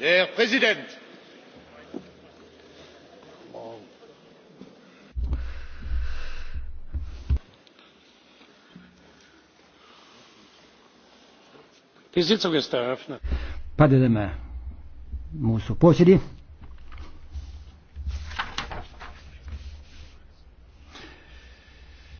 Der Präsident. Die Sitzung ist eröffnet. Padedame mūsų posėdį.